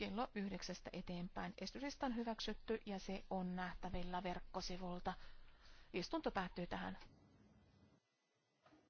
kello yhdeksästä eteenpäin. Esitysistä on hyväksytty ja se on nähtävillä verkkosivulta. Istunto päättyy tähän.